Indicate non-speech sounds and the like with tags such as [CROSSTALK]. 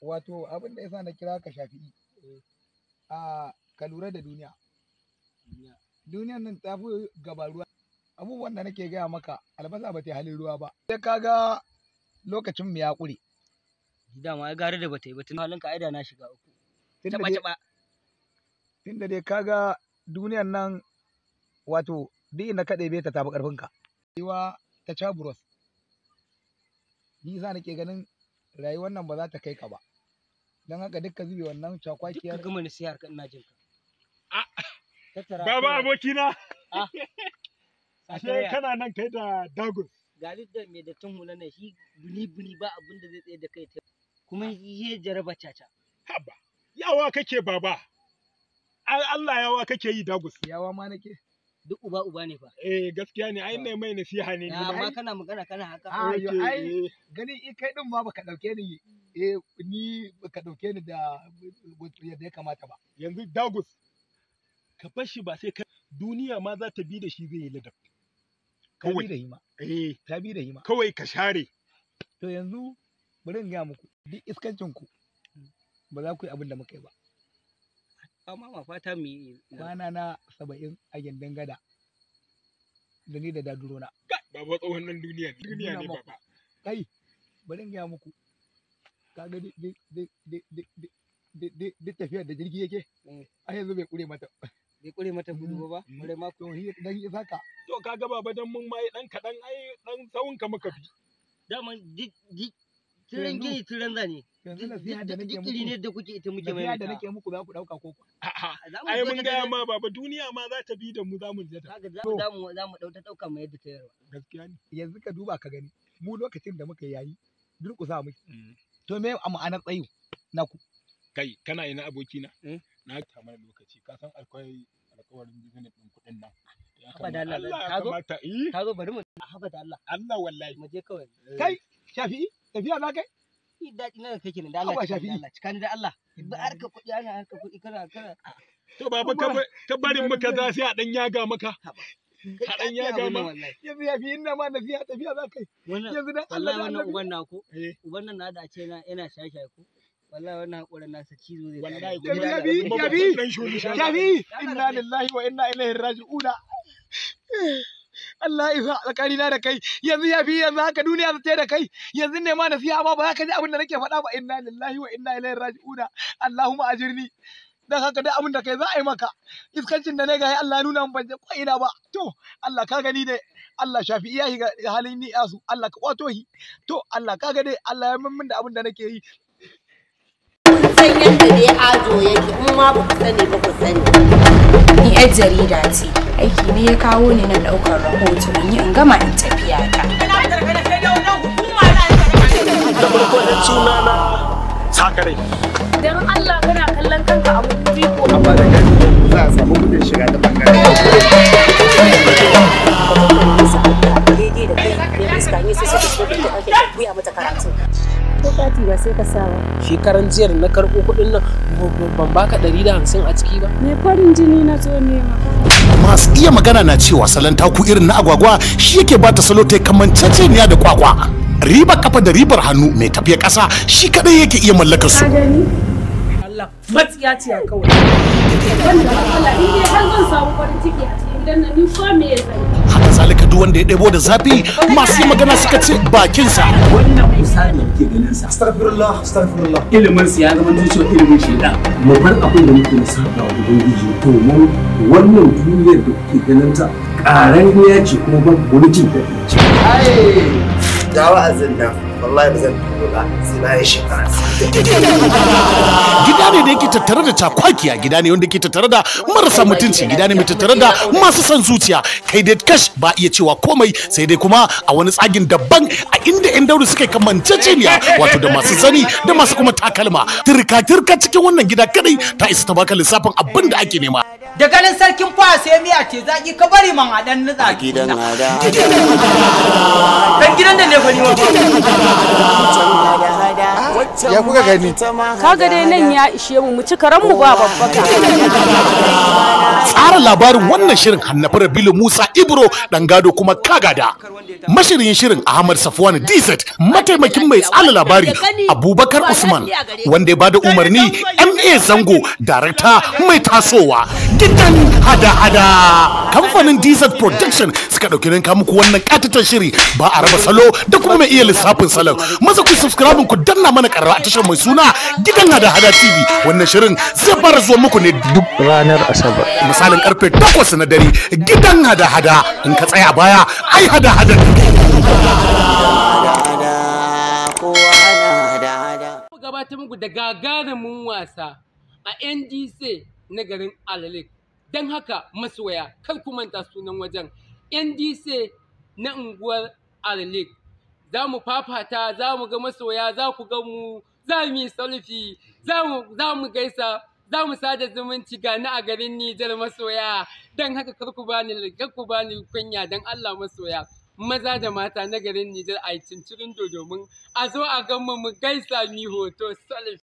wato abin da sa na kira ka shafi'i a ka lura da duniya duniyan nan ta fi gaba ruwa abubuwan da nake gaya maka albasa ba ta halin ruwa ba sai ka ga lokacin mu ya kure Da ma ya gare da bata yi ba tun halin ka aida na shiga uku taba taba tunda dai ga duniyan nan wato duk inda ka ɗebe ta tafi ƙarfinka rayuwa ta caburos ni yasa nake ganin rayuwar nan ba za ta kai ka ba don haka duk ka zube wannan cakwakiyar duk ka gama nasihar ka ina jin ka ah, tattara baba abokina ah. [LAUGHS] ashe kana nan kai da dagus gari da me da tun na shi buni buni ba abin da zai tsaye da kai kuma yi ah. jaraba caca haba yawa kake baba Allah yawa kake yi dagus yawa ma nake duk uba uba ne fa eh gaskiya ne ai ne mai nasiha ne amma kana magana kana haka ah, ai eh. ganin in kai din ma baka dauke ni eh ni baka dauke ni da yadda ya kamata ba yanzu dagus ka fashi ba sai ka duniya ma za ta bi da shi zai yi ladab kawai da hima eh ta bi da hima kawai ka share to yanzu bari in ga muku duk iskancin ku ba za ku yi abin da muka yi ba amma ma fata mu yi kwana na saba'in a gindin gada da ni da daduro na ba ba tsohon nan duniya ne duniya ne baba kai bari muku kaga da jirgi yake eh. a yanzu bai kure mata bai kure mata gudu ba mm. bare ma ko dan yi saka to kaga baba dan mun mai dan kadan ai dan sawun ka muka bi daman yanzu nasiha da nake muku ne da kuke ita muke mai da nake muku za ku dauka ko ku ai mun ga ma baba duniya ma za ta bi da mu za mu jata za mu za mu za mu dauka dauka mai yadda ta yarwa gaskiya ne yanzu ka duba ka gani mu lokacin da muka yayi durƙusa muke mm. to me a ma'anar na ku. kai kana ina aboki na eh? na ta mana lokaci ka san akwai alƙawarin business din kuɗin nan abada Allah ka zo eh? ka zo bari mu abada Allah Allah wallahi mu je kawai eh. kai shafi tafiya za kai ni daɗi na kake nan da Allah cika ni da Allah ba harka kuɗi ana harka kuɗi kana kana to baba ka barin maka za sai a dan yaga maka a dan yaga ma yanzu yafi inna ma tafiya za kai yanzu dan Allah da Allah uban nako eh. uban nan na da ce na yana shashai ko wallahi wannan hakurin nasa cizo zai wallahi yabi yabi yabi inna lillahi wa inna ilaihi raji'una [LAUGHS] Allah ya alƙari na da kai yanzu ya fi yanzu haka duniya ta da kai yanzu ne ma nasiha amma ba za ka ji abin da nake faɗa ba inna lillahi wa inna ilaihi raji'un Allahumma ajirni dan haka duk abin da kai za a yi maka iskancin da ne ga Allah ya nuna min ban je ina ba to Allah ka gani dai Allah shafi shi ga halin ni asu Allah ka kwato hi to Allah ka gani dai Allah ya min da abin da nake yi san yadda dai ajo yake in ma ba ku sani ba ku sani ni yar jarida ce aiki ne ya kawo ni na daukar rahoto in yi in gama in tafiya ta. Don Allah kana kallon kanka a mutum ko. Amma da gani za a samu kudin shiga ta bangare. sai ka saba shi karan jiyar na karɓo kuɗin nan ban baka ɗari da hamsin a ciki ba me farin jini na zo nema masu iya magana na cewa salon taku irin na agwagwa shi yake ba ta salo ta kamanceceniya da kwakwa riba kafa da ribar hannu mai tafiya ƙasa shi kaɗai yake iya mallakar su Allah matsiya ciya kawai gidan nan ni ko me zai haka zalika duk wanda ya ɗebo da zafi masu magana suka ce bakinsa wannan misali ke ganin sa astaghfirullah astaghfirullah ilimin sa ya zama zuciya ilimin shi shaidan mu bar abin da muke saba wa ubangiji to mu wannan duniyar da kuke ganin ta ƙaran ya ce kuma ban wani jin daɗi ce ai dawa azin nan wallahi ba zan tuno ba sai na yi shekara gida ne da yake tattare da cakwakiya gida ne wanda ke tattare da marasa mutunci gida ne mai tattare da masu son zuciya kai dai kash ba iya cewa komai sai dai kuma a wani tsagin daban a inda yan dauri suka kamanceceniya wato da masu sani da masu kuma takalma turka turka cikin wannan gida kadai ta isa ta baka lissafin abin da ake nema da ganin sarkin fa sai miya ce zaki ka bari man hadan nutsa gidan [LAUGHS] dan gidan da ne fa wa ya kuka gani kaga dai nan ya ishe mu mu ci karan mu ba babbaka tsara labarin wannan shirin hannafi rabilu musa ibro dan gado kuma kagada mashirin shirin ahmad safwan dz mataimakin mai tsara labari abubakar usman wanda ya bada umarni ma zango darakta mai tasowa gidan hada-hada kamfanin dz production suka ɗauki ranka muku wannan katatar shiri ba a raba salo da kuma mai iya lissafin salon maza ku subscribe ku danna mana ƙarar a tashar mai suna gidan hada-hada tv wannan shirin zai fara zuwa muku ne duk ranar asabar misalin karfe takwas na dare gidan hada-hada in ka tsaya baya ai hada-hada gabatar muku da gagarumin wasa a ndc na garin alalik don haka masoya kar ku manta sunan wajen ndc na unguwar alalik za mu fafata za mu ga masoya za ku ga mu za mu yi sulfi za mu gaisa za mu sada zumunci ga na a garin Nijar masoya don haka kar ku bani kar bani kunya don Allah masoya maza da mata na garin Nijar a yi cincirin domin a zo a gan mu mu gaisa mi hoto sulfi